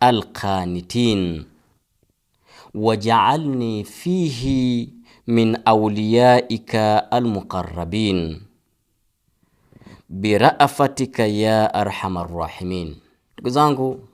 alqanitin waj'alni fihi min awliyaika almuqarrabin biraafatika ya arhamar rahimin. Ndugu zangu,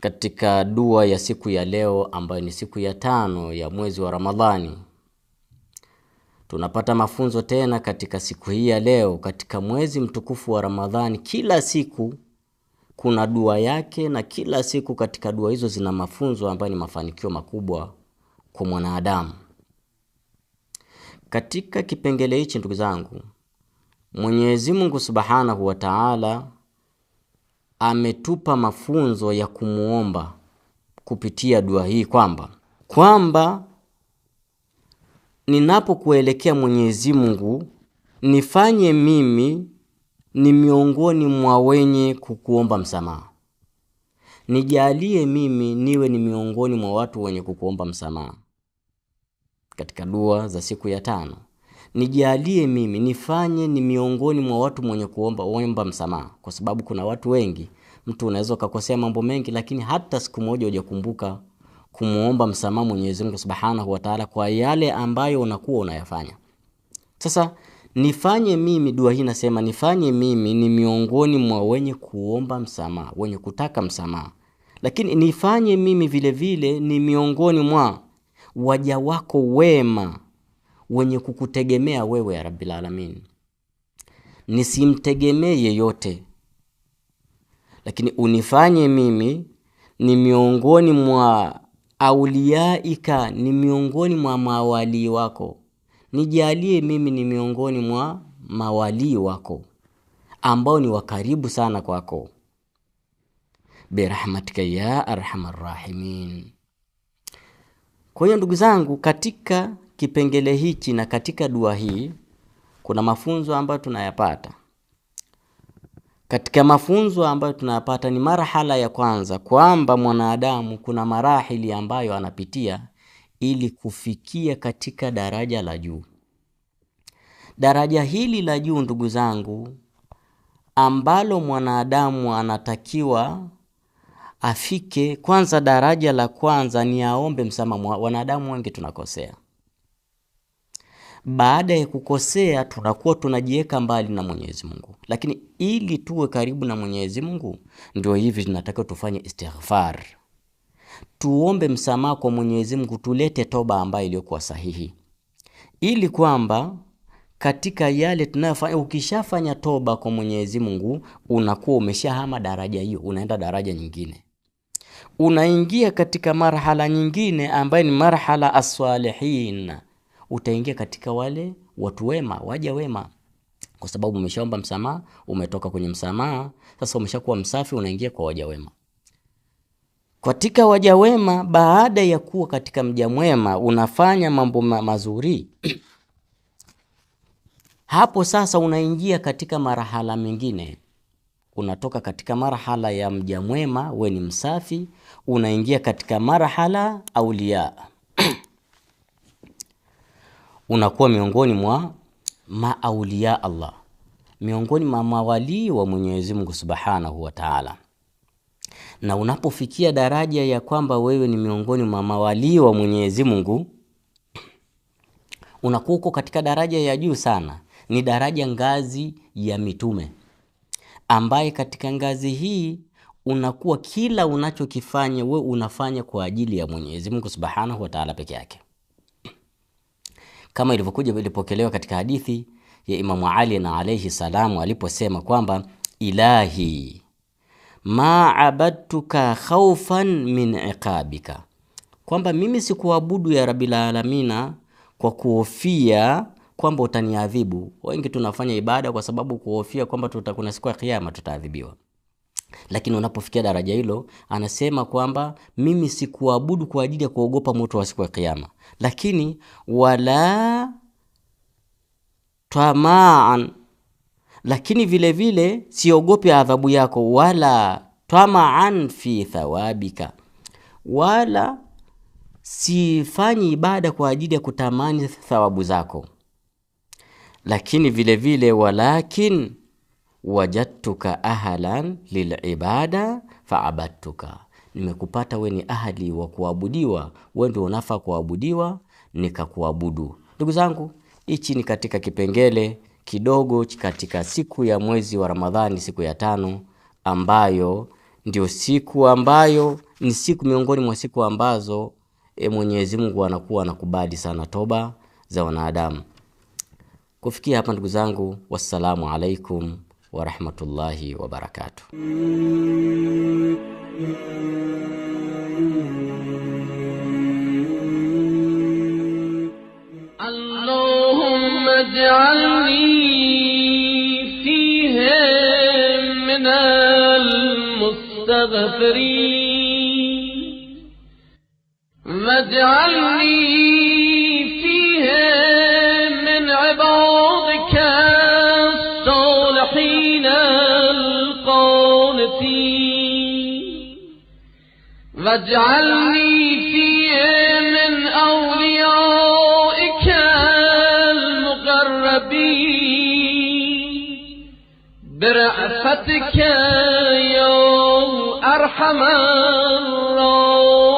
katika dua ya siku ya leo ambayo ni siku ya tano ya mwezi wa Ramadhani, tunapata mafunzo tena katika siku hii ya leo, katika mwezi mtukufu wa Ramadhani. Kila siku kuna dua yake, na kila siku katika dua hizo zina mafunzo ambayo ni mafanikio makubwa kwa mwanadamu. Katika kipengele hichi, ndugu zangu, Mwenyezi Mungu Subhanahu wa Ta'ala ametupa mafunzo ya kumuomba kupitia dua hii kwamba kwamba ninapokuelekea Mwenyezi Mungu nifanye mimi ni miongoni mwa wenye kukuomba msamaha. Nijalie mimi niwe ni miongoni mwa watu wenye kukuomba msamaha. Katika dua za siku ya tano, nijalie mimi nifanye ni miongoni mwa watu mwenye kuomba omba msamaha, kwa sababu kuna watu wengi, mtu unaweza ukakosea mambo mengi, lakini hata siku moja hujakumbuka kumuomba msamaha Mwenyezi Mungu Subhanahu wa Ta'ala kwa yale ambayo unakuwa unayafanya. Sasa Nifanye mimi, dua hii nasema nifanye mimi ni miongoni mwa wenye kuomba msamaha, wenye kutaka msamaha. Lakini nifanye mimi vile vile ni miongoni mwa waja wako wema wenye kukutegemea wewe ya Rabbil Alamin. Nisimtegemee yeyote, lakini unifanye mimi ni miongoni mwa auliaika, ni miongoni mwa mawalii wako nijalie mimi ni miongoni mwa mawalii wako ambao ni wakaribu sana kwako birahmatika ya arhamar rahimin. Kwa hiyo ndugu zangu, katika kipengele hichi na katika dua hii kuna mafunzo ambayo tunayapata. Katika mafunzo ambayo tunayapata ni marhala ya kwanza kwamba mwanadamu kuna marahili ambayo anapitia ili kufikia katika daraja la juu. Daraja hili la juu, ndugu zangu, ambalo mwanadamu anatakiwa afike, kwanza, daraja la kwanza ni aombe msamaha. Wanadamu wengi tunakosea. Baada ya kukosea, tunakuwa tunajiweka mbali na Mwenyezi Mungu, lakini ili tuwe karibu na Mwenyezi Mungu, ndio hivi tunatakiwa tufanye istighfar tuombe msamaha kwa Mwenyezi Mungu, tulete toba ambayo iliyokuwa sahihi, ili kwamba katika yale tunayofanya, ukishafanya toba kwa Mwenyezi Mungu unakuwa umeshahama daraja hiyo, unaenda daraja nyingine, unaingia katika marhala nyingine ambayo ni marhala asalihin, utaingia katika wale watu wema, waja wema kwa sababu umeshaomba msamaha, umetoka kwenye msamaha, sasa umeshakuwa msafi, unaingia kwa waja wema katika waja wema, baada ya kuwa katika mja mwema unafanya mambo ma mazuri hapo sasa unaingia katika marahala mengine, unatoka katika marhala ya mja mwema, we ni msafi, unaingia katika marhala aulia unakuwa miongoni mwa maaulia Allah, miongoni mwa mawalii wa Mwenyezi Mungu Subhanahu wa Ta'ala na unapofikia daraja ya kwamba wewe ni miongoni mwa mawalii wa Mwenyezi Mungu, unakuwa uko katika daraja ya juu sana, ni daraja ngazi ya mitume, ambaye katika ngazi hii unakuwa kila unachokifanya we unafanya kwa ajili ya Mwenyezi Mungu Subhanahu wa Ta'ala peke yake, kama ilivyokuja ilipokelewa katika hadithi ya Imamu Ali na alayhi salamu aliposema kwamba ilahi ma abadtuka khaufan min iqabika, kwamba mimi sikuabudu ya Rabbil Alamina kwa kuhofia kwamba utaniadhibu. Wengi tunafanya ibada kwa sababu kuhofia kwamba kuna siku ya kiyama tutaadhibiwa, lakini unapofikia daraja hilo, anasema kwamba mimi sikuabudu kwa ajili ya kuogopa moto wa siku ya kiyama, lakini wala tamaan lakini vile vile siogopi adhabu yako, wala tamaan fi thawabika, wala sifanyi ibada kwa ajili ya kutamani thawabu zako, lakini vile vile walakin wajadtuka ahlan lilibada faabadtuka, nimekupata we ni ahli wa kuabudiwa, we ndio unafaa kuabudiwa, nikakuabudu. Ndugu zangu, hichi ni katika kipengele kidogo katika siku ya mwezi wa Ramadhani, siku ya tano, ambayo ndio siku ambayo ni siku miongoni mwa siku ambazo e, Mwenyezi Mungu anakuwa anakubali sana toba za wanadamu. Kufikia hapa ndugu zangu, wassalamu alaikum wa rahmatullahi wa barakatuh. صدري واجعلني فيها من عبادك الصالحين القانتين واجعلني فيها من أوليائك المقربين برأفتك يا Señor,